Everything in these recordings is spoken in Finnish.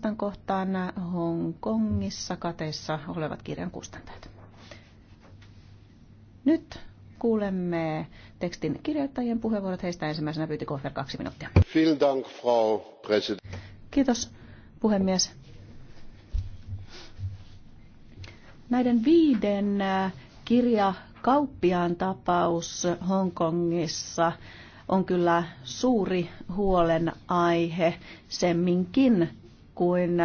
Tämän kohtaan Hongkongissa kateissa olevat kirjan kustantajat. Nyt kuulemme tekstin kirjoittajien puheenvuorot. Heistä ensimmäisenä pyyti Kohver kaksi minuuttia. Dank, Frau Kiitos puhemies. Näiden viiden äh, kirjakauppiaan tapaus Hongkongissa on kyllä suuri huolenaihe semminkin kuin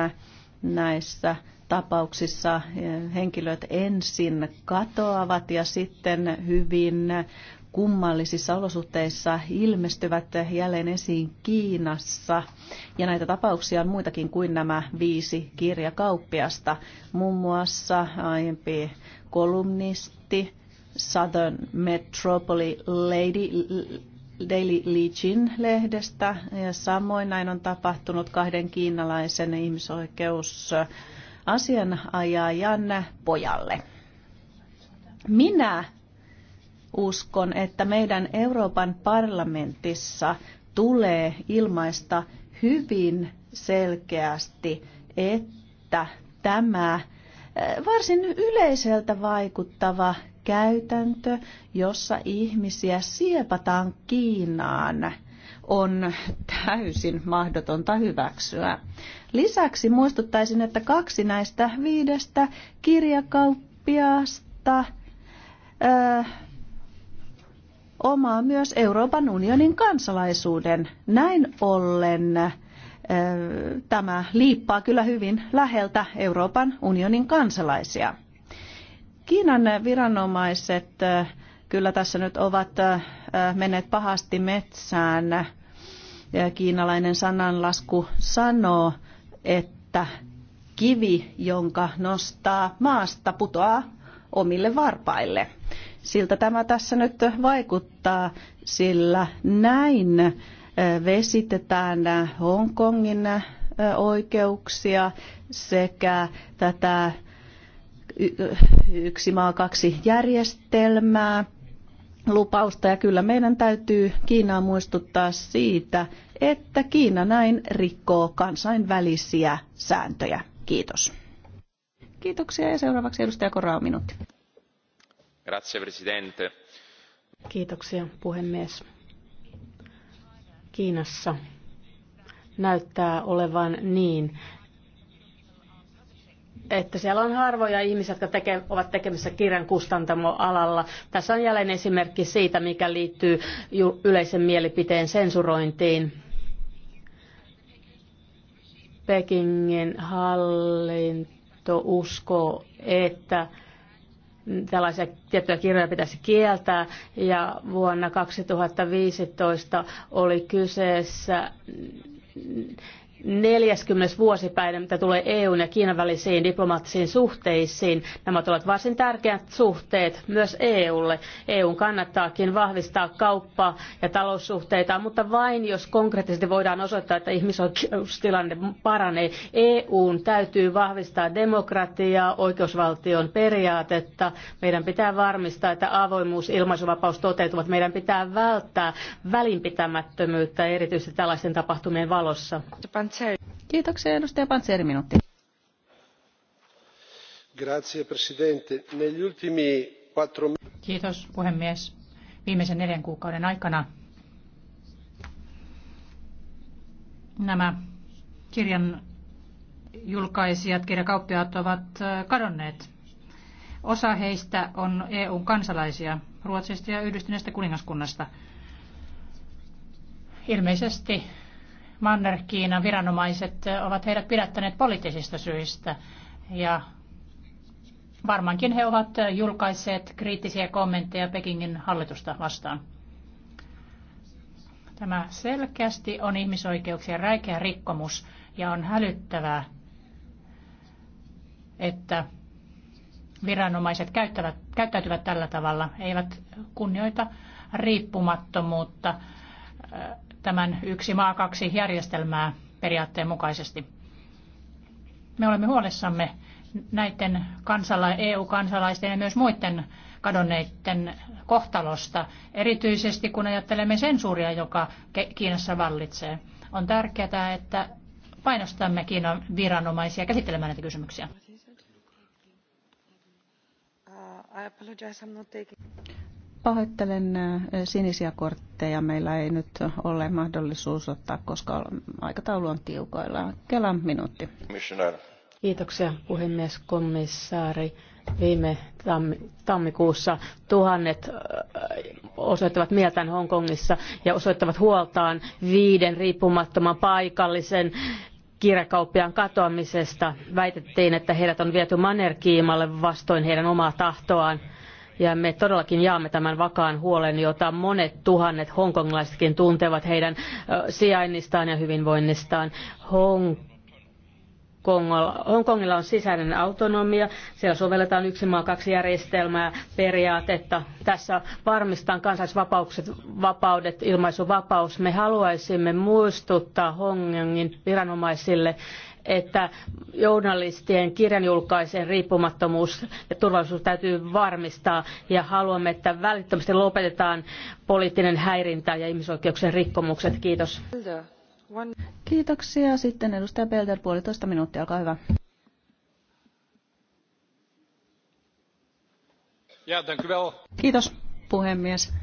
näissä tapauksissa eh, henkilöt ensin katoavat ja sitten hyvin kummallisissa olosuhteissa ilmestyvät jälleen esiin Kiinassa. Ja näitä tapauksia on muitakin kuin nämä viisi kirjakauppiasta. Muun muassa aiempi kolumnisti Southern Metropolis Lady Daily Legion lehdestä ja samoin näin on tapahtunut kahden kiinalaisen ihmisoikeusasianajajan pojalle. Minä uskon, että meidän Euroopan parlamentissa tulee ilmaista hyvin selkeästi, että tämä eh, varsin yleiseltä vaikuttava käytäntö, jossa ihmisiä siepataan Kiinaan, on täysin mahdotonta hyväksyä. Lisäksi muistuttaisin, että kaksi näistä viidestä kirjakauppiasta ö, omaa myös Euroopan unionin kansalaisuuden. Näin ollen tämä liippaa kyllä hyvin läheltä Euroopan unionin kansalaisia. Kiinan viranomaiset kyllä tässä nyt ovat menneet pahasti metsään. Kiinalainen sananlasku sanoo, että kivi, jonka nostaa maasta, putoaa omille varpaille. Siltä tämä tässä nyt vaikuttaa, sillä näin vesitetään Hongkongin oikeuksia sekä tätä yksi maa kaksi järjestelmää lupausta ja kyllä meidän täytyy Kiinaa muistuttaa siitä, että Kiina näin rikkoo kansainvälisiä sääntöjä. Kiitos. Kiitoksia ja seuraavaksi edustaja Korao minuutti. Grazie, presidente. Kiitoksia puhemies. Kiinassa näyttää olevan niin, että siellä on harvoja ihmisiä, jotka teke, ovat tekemissä kirjan kustantamoalalla. Tässä on jälleen esimerkki siitä, mikä liittyy yleisen mielipiteen sensurointiin. Pekingin hallinto uskoo, että tällaisia tiettyjä kirjoja pitäisi kieltää. Ja vuonna 2015 oli kyseessä 40. vuosipäivä, mitä tulee EUn ja Kiinan välisiin diplomaattisiin suhteisiin. Nämä ovat varsin tärkeät suhteet myös EUlle. EUn kannattaakin vahvistaa kauppaa ja taloussuhteita, mutta vain jos konkreettisesti voidaan osoittaa, että ihmisoikeustilanne paranee. EUn täytyy vahvistaa demokratiaa, oikeusvaltion periaatetta. Meidän pitää varmistaa, että avoimuus, ilmaisuvapaus toteutuvat. Meidän pitää välttää välinpitämättömyyttä erityisesti tällaisten tapahtumien valossa. Panzeri. Kiitoksia edustaja Panzeri minuutti. Grazie, presidente. Negli ultimi quattro... Kiitos puhemies. Viimeisen neljän kuukauden aikana nämä kirjan julkaisijat, kirjakauppiaat ovat kadonneet. Osa heistä on EUn kansalaisia Ruotsista ja Yhdistyneestä kuningaskunnasta. Ilmeisesti Manner-Kiinan viranomaiset ovat heidät pidättäneet poliittisista syistä ja varmaankin he ovat julkaisseet kriittisiä kommentteja Pekingin hallitusta vastaan. Tämä selkeästi on ihmisoikeuksien räikeä rikkomus ja on hälyttävää, että viranomaiset käyttävät, käyttäytyvät tällä tavalla, eivät kunnioita riippumattomuutta tämän yksi maa kaksi järjestelmää periaatteen mukaisesti. Me olemme huolissamme näiden kansala- EU-kansalaisten ja myös muiden kadonneiden kohtalosta, erityisesti kun ajattelemme sensuuria, joka Kiinassa vallitsee. On tärkeää, että painostamme Kiinan viranomaisia käsittelemään näitä kysymyksiä. Uh, Pahoittelen sinisiä kortteja. Meillä ei nyt ole mahdollisuus ottaa, koska aikataulu on tiukoilla. Kelan minuutti. Kiitoksia puhemies komissaari. Viime tammikuussa tuhannet osoittavat mieltään Hongkongissa ja osoittavat huoltaan viiden riippumattoman paikallisen kirjakauppiaan katoamisesta. Väitettiin, että heidät on viety manerkiimalle vastoin heidän omaa tahtoaan ja me todellakin jaamme tämän vakaan huolen, jota monet tuhannet hongkongilaisetkin tuntevat heidän sijainnistaan ja hyvinvoinnistaan. Hong Hongkongilla on sisäinen autonomia, siellä sovelletaan yksi maa kaksi järjestelmää periaatetta. Tässä varmistetaan kansallisvapaukset, vapaudet, ilmaisuvapaus. Me haluaisimme muistuttaa Hongkongin viranomaisille, että journalistien kirjanjulkaisen riippumattomuus ja turvallisuus täytyy varmistaa ja haluamme, että välittömästi lopetetaan poliittinen häirintä ja ihmisoikeuksien rikkomukset. Kiitos. Kiitoksia. Sitten edustaja Belder, puolitoista minuuttia, olkaa hyvä. Kiitos puhemies.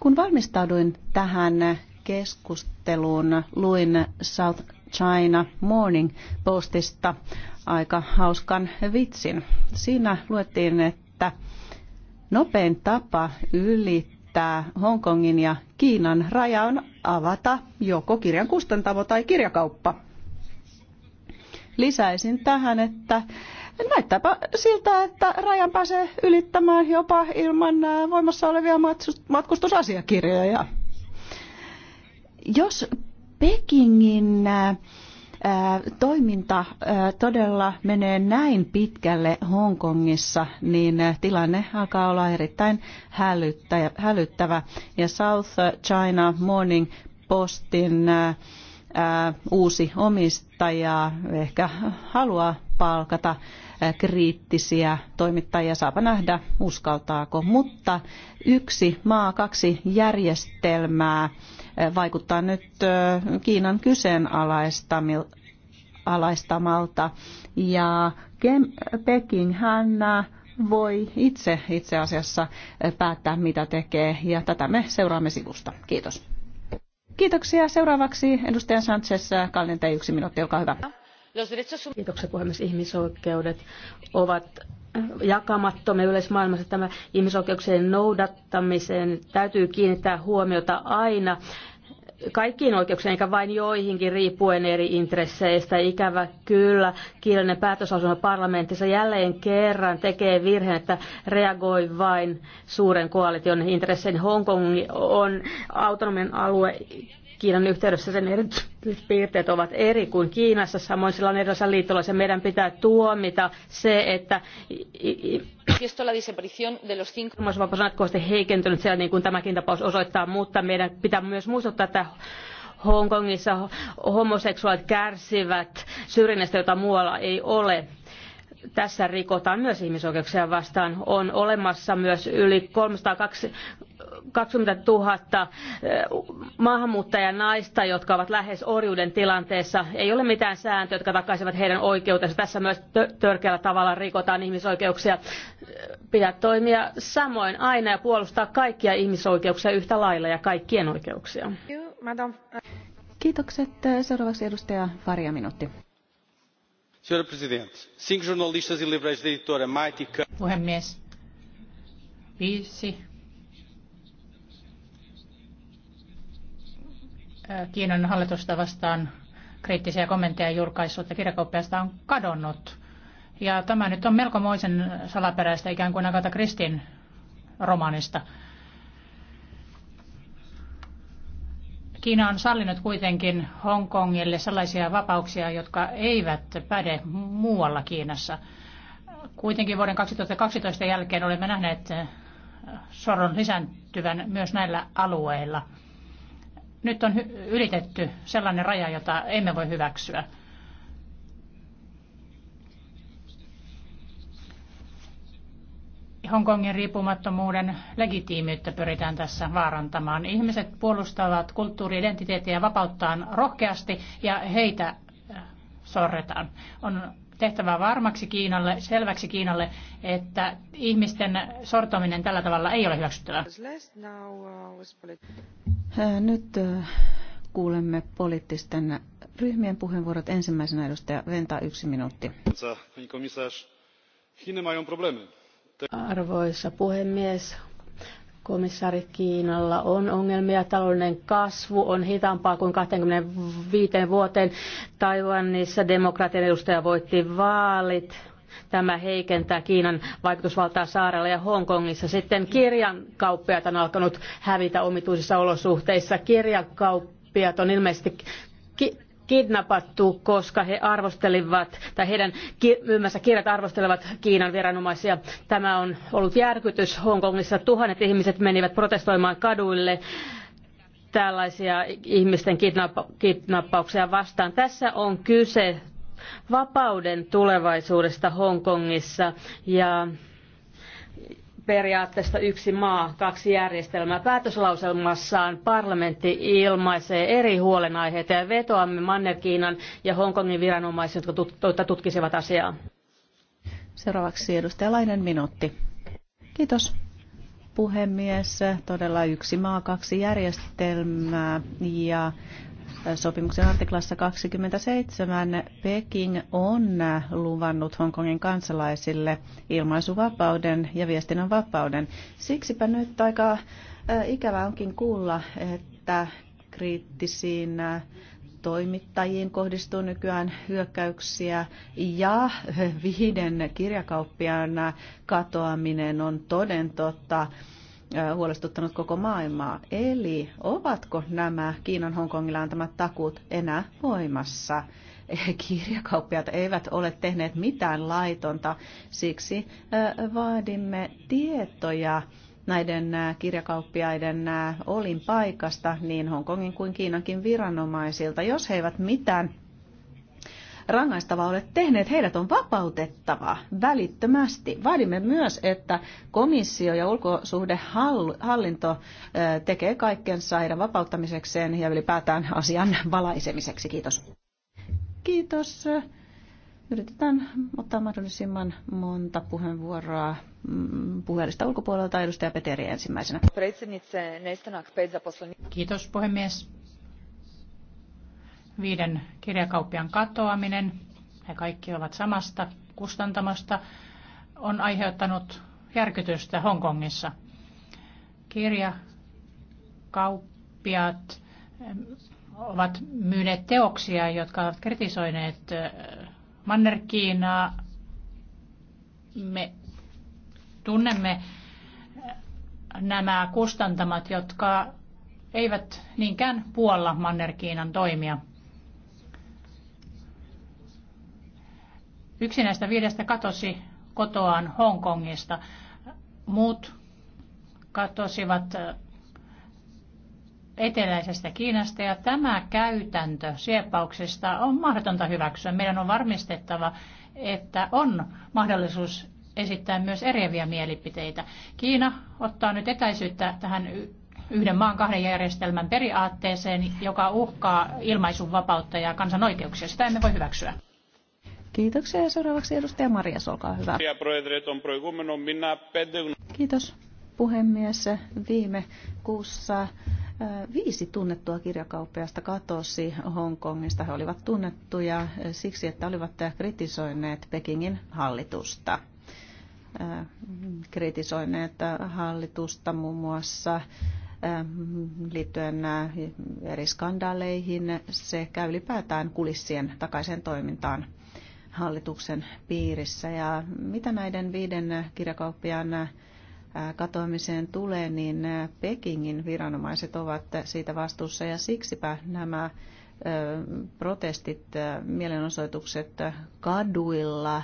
Kun valmistauduin tähän keskusteluun. Luin South China Morning Postista aika hauskan vitsin. Siinä luettiin, että nopein tapa ylittää Hongkongin ja Kiinan raja on avata joko kirjan kustantamo tai kirjakauppa. Lisäisin tähän, että näyttääpä siltä, että rajan pääsee ylittämään jopa ilman äh, voimassa olevia matkustusasiakirjoja. Jos Pekingin äh, toiminta äh, todella menee näin pitkälle Hongkongissa, niin äh, tilanne alkaa olla erittäin hälyttävä. Ja South China Morning Postin uusi omistaja ehkä haluaa palkata kriittisiä toimittajia. Saapa nähdä, uskaltaako. Mutta yksi maa, kaksi järjestelmää vaikuttaa nyt Kiinan kyseenalaistamalta. Ja Peking hän voi itse itse asiassa päättää, mitä tekee, ja tätä me seuraamme sivusta. Kiitos. Kiitoksia. Seuraavaksi edustaja Sanchez, Kallente, yksi minuutti, olkaa hyvä. Kiitoksia puhemies. Ihmisoikeudet ovat jakamattomia yleismaailmassa tämä ihmisoikeuksien noudattamiseen täytyy kiinnittää huomiota aina kaikkiin oikeuksiin, eikä vain joihinkin riippuen eri intresseistä. Ikävä kyllä, kielinen päätösasema parlamentissa jälleen kerran tekee virheen, että reagoi vain suuren koalition intresseihin. Hongkong on autonominen alue Kiinan yhteydessä sen erityispiirteet ovat eri kuin Kiinassa, samoin sillä on erilaisia liittolaisia. Meidän pitää tuomita se, että ilmaisuvapaus on jatkuvasti heikentynyt siellä, niin kuin tämäkin tapaus osoittaa, mutta meidän pitää myös muistuttaa, että Hongkongissa homoseksuaalit kärsivät syrjinnästä, jota muualla ei ole tässä rikotaan myös ihmisoikeuksia vastaan. On olemassa myös yli 302 20 000 maahanmuuttajanaista, jotka ovat lähes orjuuden tilanteessa. Ei ole mitään sääntöjä, jotka takaisivat heidän oikeutensa. Tässä myös törkeällä tavalla rikotaan ihmisoikeuksia. Pitää toimia samoin aina ja puolustaa kaikkia ihmisoikeuksia yhtä lailla ja kaikkien oikeuksia. Kiitokset. Seuraavaksi edustaja Faria minuutti. E Puhemies, viisi Kiinan hallitusta vastaan kriittisiä kommentteja julkaissut ja kirjakauppiasta on kadonnut. Ja tämä nyt on melkomoisen salaperäistä ikään kuin Agatha Kristin romaanista. Kiina on sallinut kuitenkin Hongkongille sellaisia vapauksia, jotka eivät päde muualla Kiinassa. Kuitenkin vuoden 2012 jälkeen olemme nähneet soron lisääntyvän myös näillä alueilla – nyt on ylitetty sellainen raja, jota emme voi hyväksyä. Hongkongin riippumattomuuden legitiimiyttä pyritään tässä vaarantamaan. Ihmiset puolustavat kulttuuriidentiteettiä vapauttaan rohkeasti ja heitä äh, sorretaan. On tehtävä varmaksi Kiinalle, selväksi Kiinalle, että ihmisten sortominen tällä tavalla ei ole hyväksyttävää. Nyt kuulemme poliittisten ryhmien puheenvuorot. Ensimmäisenä edustaja Venta, yksi minuutti. Arvoisa puhemies, komissaari Kiinalla on ongelmia. Taloudellinen kasvu on hitaampaa kuin 25 vuoteen. Taiwanissa demokratian edustaja voitti vaalit Tämä heikentää Kiinan vaikutusvaltaa saarella ja Hongkongissa. Sitten kirjankauppiaat on alkanut hävitä omituisissa olosuhteissa. Kirjakauppiaat on ilmeisesti ki- kidnappattu, koska he arvostelivat, tai heidän myymänsä kirjat arvostelevat Kiinan viranomaisia. Tämä on ollut järkytys Hongkongissa. Tuhannet ihmiset menivät protestoimaan kaduille tällaisia ihmisten kidnappauksia vastaan. Tässä on kyse vapauden tulevaisuudesta Hongkongissa ja periaatteesta yksi maa, kaksi järjestelmää. Päätöslauselmassaan parlamentti ilmaisee eri huolenaiheita ja vetoamme Manner-Kiinan ja Hongkongin viranomaisiin, jotka tutkisivat asiaa. Seuraavaksi edustaja Lainen minuutti. Kiitos puhemies. Todella yksi maa, kaksi järjestelmää ja Sopimuksen artiklassa 27 Peking on luvannut Hongkongin kansalaisille ilmaisuvapauden ja viestinnän vapauden. Siksipä nyt aika äh, ikävä onkin kuulla, että kriittisiin äh, toimittajiin kohdistuu nykyään hyökkäyksiä ja äh, viiden kirjakauppiaan katoaminen on toden totta huolestuttanut koko maailmaa. Eli ovatko nämä Kiinan Hongkongilla antamat takuut enää voimassa? Kirjakauppiat eivät ole tehneet mitään laitonta, siksi vaadimme tietoja näiden kirjakauppiaiden olin paikasta niin Hongkongin kuin Kiinankin viranomaisilta. Jos he eivät mitään rangaistavaa ole tehneet, heidät on vapautettava välittömästi. Vaadimme myös, että komissio ja ulkosuhdehallinto tekee kaikkensa heidän vapauttamisekseen ja ylipäätään asian valaisemiseksi. Kiitos. Kiitos. Yritetään ottaa mahdollisimman monta puheenvuoroa mm, puhelista ulkopuolelta. Edustaja Peteri ensimmäisenä. Kiitos puhemies viiden kirjakauppian katoaminen, he kaikki ovat samasta kustantamosta, on aiheuttanut järkytystä Hongkongissa. Kirjakauppiat eh, ovat myyneet teoksia, jotka ovat kritisoineet eh, Manner-Kiinaa. Me tunnemme eh, nämä kustantamat, jotka eivät niinkään puolla Manner-Kiinan toimia. Yksi näistä viidestä katosi kotoaan Hongkongista. Muut katosivat eteläisestä Kiinasta ja tämä käytäntö sieppauksesta on mahdotonta hyväksyä. Meidän on varmistettava, että on mahdollisuus esittää myös eriäviä mielipiteitä. Kiina ottaa nyt etäisyyttä tähän yhden maan kahden järjestelmän periaatteeseen, joka uhkaa ilmaisun vapautta ja kansan oikeuksia. Sitä emme voi hyväksyä. Kiitoksia ja seuraavaksi edustaja Maria, olkaa hyvä. Kiitos puhemies. Viime kuussa viisi tunnettua kirjakauppiasta katosi Hongkongista. He olivat tunnettuja siksi, että olivat kritisoineet Pekingin hallitusta kritisoineet hallitusta muun muassa liittyen eri skandaaleihin sekä ylipäätään kulissien takaisen toimintaan hallituksen piirissä. Ja mitä näiden viiden kirjakauppiaan katoamiseen tulee, niin Pekingin viranomaiset ovat siitä vastuussa ja siksipä nämä protestit, mielenosoitukset kaduilla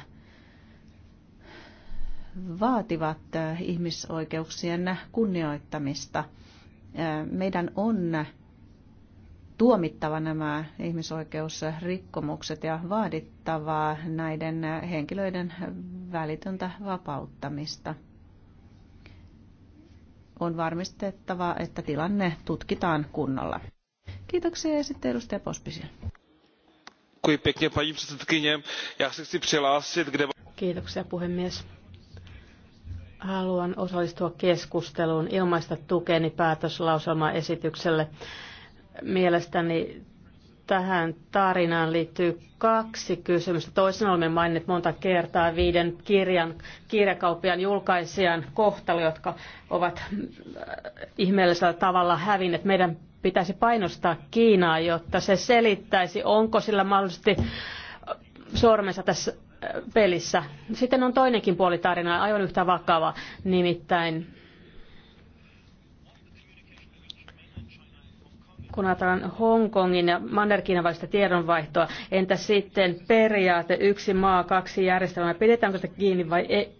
vaativat ihmisoikeuksien kunnioittamista. Meidän on tuomittava nämä ihmisoikeusrikkomukset ja vaadittava näiden henkilöiden välitöntä vapauttamista. On varmistettava, että tilanne tutkitaan kunnolla. Kiitoksia ja sitten edustaja Pospisil. Kiitoksia puhemies. Haluan osallistua keskusteluun ilmaista tukeni päätöslauselmaesitykselle. esitykselle Mielestäni tähän tarinaan liittyy kaksi kysymystä. Toisen olemme mainit monta kertaa viiden kirjan, kirjakauppian julkaisijan kohtalo, jotka ovat äh, ihmeellisellä tavalla hävinneet. Meidän pitäisi painostaa Kiinaa, jotta se selittäisi, onko sillä mahdollisesti äh, sormensa tässä äh, pelissä. Sitten on toinenkin puoli tarinaa, aivan yhtä vakava, nimittäin kun ajatellaan Hongkongin ja Mannerkiinan välistä tiedonvaihtoa, entä sitten periaate yksi maa, kaksi järjestelmää, pidetäänkö sitä kiinni vai ei?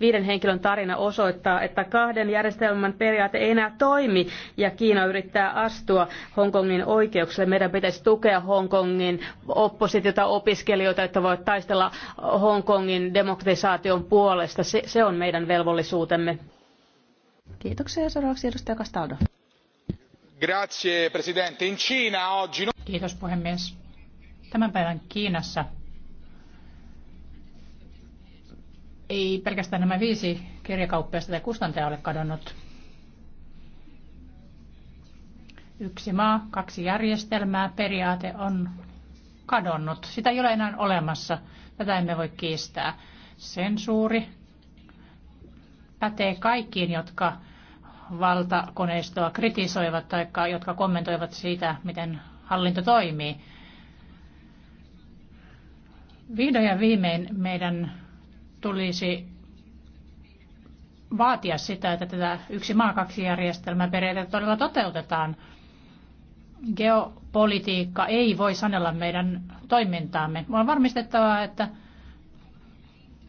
Viiden henkilön tarina osoittaa, että kahden järjestelmän periaate ei enää toimi ja Kiina yrittää astua Hongkongin oikeuksille. Meidän pitäisi tukea Hongkongin oppositiota, opiskelijoita, että voivat taistella Hongkongin demokratisaation puolesta. Se, se on meidän velvollisuutemme. Kiitoksia. Seuraavaksi edustaja Castaldo. Grazie, presidente. In Cina oggi... Kiitos puhemies. Tämän päivän Kiinassa ei pelkästään nämä viisi kirjakauppiasta tai kustantajaa ole kadonnut. Yksi maa, kaksi järjestelmää, periaate on kadonnut. Sitä ei ole enää olemassa. Tätä emme voi kiistää. Sensuuri pätee kaikkiin, jotka valtakoneistoa kritisoivat tai jotka kommentoivat siitä, miten hallinto toimii. Vihdoin ja viimein meidän tulisi vaatia sitä, että tätä yksi maa kaksi järjestelmää periaatetta todella toteutetaan. Geopolitiikka ei voi sanella meidän toimintaamme. On varmistettava, että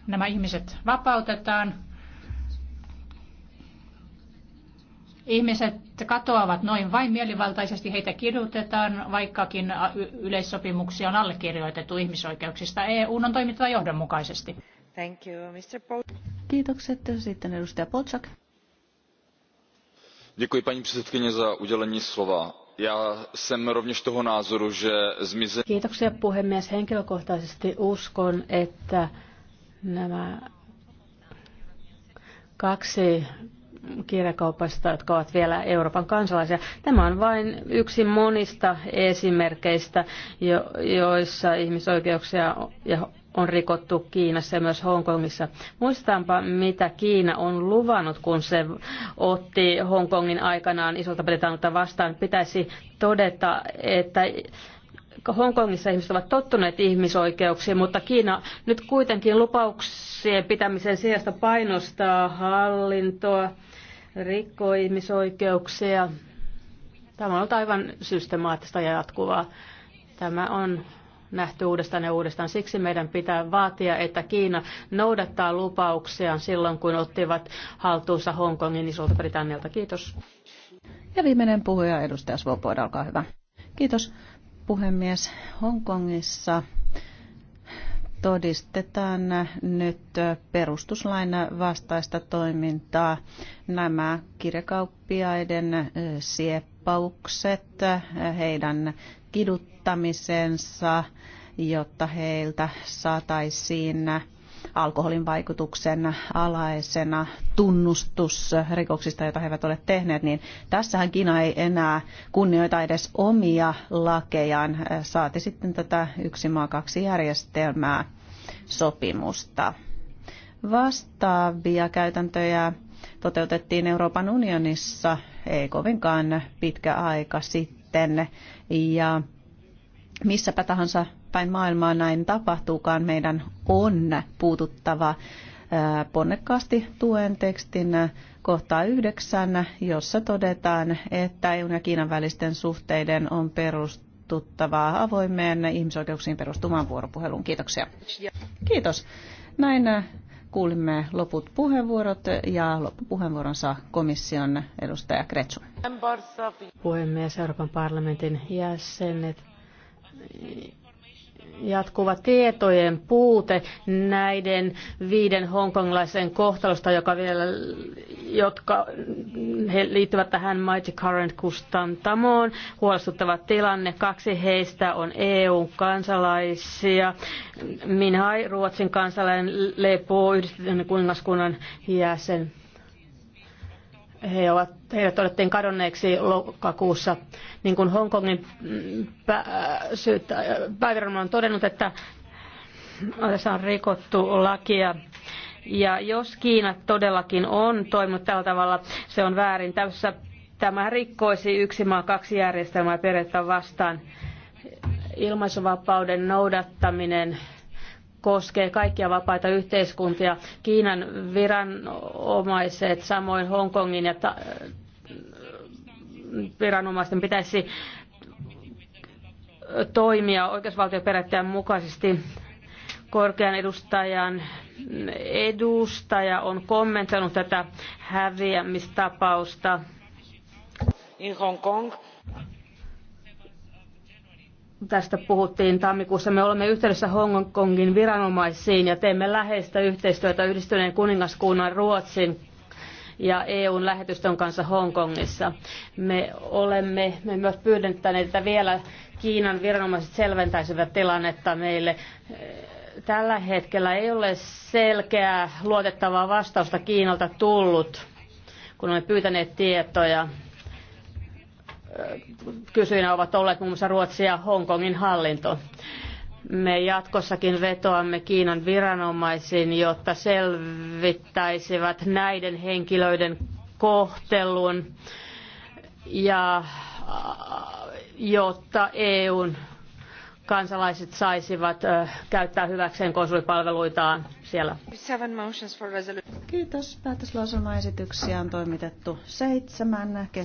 nämä ihmiset vapautetaan Ihmiset katoavat noin vain mielivaltaisesti, heitä kidutetaan, vaikkakin yleissopimuksia on allekirjoitettu ihmisoikeuksista. EU on toimittava johdonmukaisesti. Thank you, Mr. Kiitokset. Sitten edustaja Polchak. Děkuji paní předsedkyně za udělení slova. Já jsem rovněž toho názoru, že zmizení... Kiitoksia puhemies. Henkilökohtaisesti uskon, että nämä kaksi kirjakaupasta, jotka ovat vielä Euroopan kansalaisia. Tämä on vain yksi monista esimerkkeistä, joissa ihmisoikeuksia on rikottu Kiinassa ja myös Hongkongissa. Muistaanpa, mitä Kiina on luvannut, kun se otti Hongkongin aikanaan isolta britannialta vastaan. Pitäisi todeta, että Hongkongissa ihmiset ovat tottuneet ihmisoikeuksiin, mutta Kiina nyt kuitenkin lupauksien pitämisen sijasta painostaa hallintoa rikkoo ihmisoikeuksia. Tämä on ollut aivan systemaattista ja jatkuvaa. Tämä on nähty uudestaan ja uudestaan. Siksi meidän pitää vaatia, että Kiina noudattaa lupauksiaan silloin, kun ottivat haltuunsa Hongkongin isolta Britannialta. Kiitos. Ja viimeinen puhuja, edustaja Svoboda, olkaa hyvä. Kiitos puhemies. Hongkongissa todistetaan nyt perustuslain vastaista toimintaa. Nämä kirjakauppiaiden sieppaukset, heidän kiduttamisensa, jotta heiltä saataisiin alkoholin vaikutuksen alaisena tunnustus rikoksista, joita he eivät ole tehneet, niin tässähän Kiina ei enää kunnioita edes omia lakejaan, saati sitten tätä yksi maa kaksi järjestelmää sopimusta. Vastaavia käytäntöjä toteutettiin Euroopan unionissa ei kovinkaan pitkä aika sitten ja missäpä tahansa päin maailmaa näin tapahtuukaan, meidän on puututtava ponnekkaasti tuen tekstin kohtaa yhdeksän, jossa todetaan, että EUn ja Kiinan välisten suhteiden on perustuttava avoimeen ihmisoikeuksiin perustumaan vuoropuheluun. Kiitoksia. Kiitos. Näin kuulimme loput puheenvuorot ja loppupuheenvuoron saa komission edustaja Kretsu. Puhemies, Euroopan parlamentin jäsenet jatkuva tietojen puute näiden viiden hongkonglaisen kohtalosta, joka vielä, jotka he liittyvät tähän Mighty Current kustantamoon. Huolestuttava tilanne. Kaksi heistä on EU-kansalaisia. Minhai, Ruotsin kansalainen, Lepo, yhdistetyn kuningaskunnan jäsen he ovat, heidät todettiin kadonneeksi lokakuussa. Niin kuin Hongkongin pääviranomainen on todennut, että tässä on rikottu lakia. Ja jos Kiina todellakin on toiminut tällä tavalla, se on väärin. Tässä tämä rikkoisi yksi maa kaksi järjestelmää periaatetta vastaan. Ilmaisuvapauden noudattaminen koskee kaikkia vapaita yhteiskuntia. Kiinan viranomaiset, samoin Hongkongin ja ta- viranomaisten pitäisi toimia oikeusvaltioperiaatteen mukaisesti. Korkean edustajan edustaja on kommentoinut tätä häviämistapausta. In Hong Kong tästä puhuttiin tammikuussa. Me olemme yhteydessä Hongkongin viranomaisiin ja teemme läheistä yhteistyötä yhdistyneen kuningaskunnan Ruotsin ja EUn lähetystön kanssa Hongkongissa. Me olemme me myös pyydettäneet, että vielä Kiinan viranomaiset selventäisivät tilannetta meille. Tällä hetkellä ei ole selkeää luotettavaa vastausta Kiinalta tullut, kun olemme pyytäneet tietoja kysyjinä ovat olleet muun muassa Ruotsi ja Hongkongin hallinto. Me jatkossakin vetoamme Kiinan viranomaisiin, jotta selvittäisivät näiden henkilöiden kohtelun ja jotta EUn kansalaiset saisivat käyttää hyväkseen konsulipalveluitaan siellä. Kiitos. Päätöslauselmaesityksiä on toimitettu seitsemän.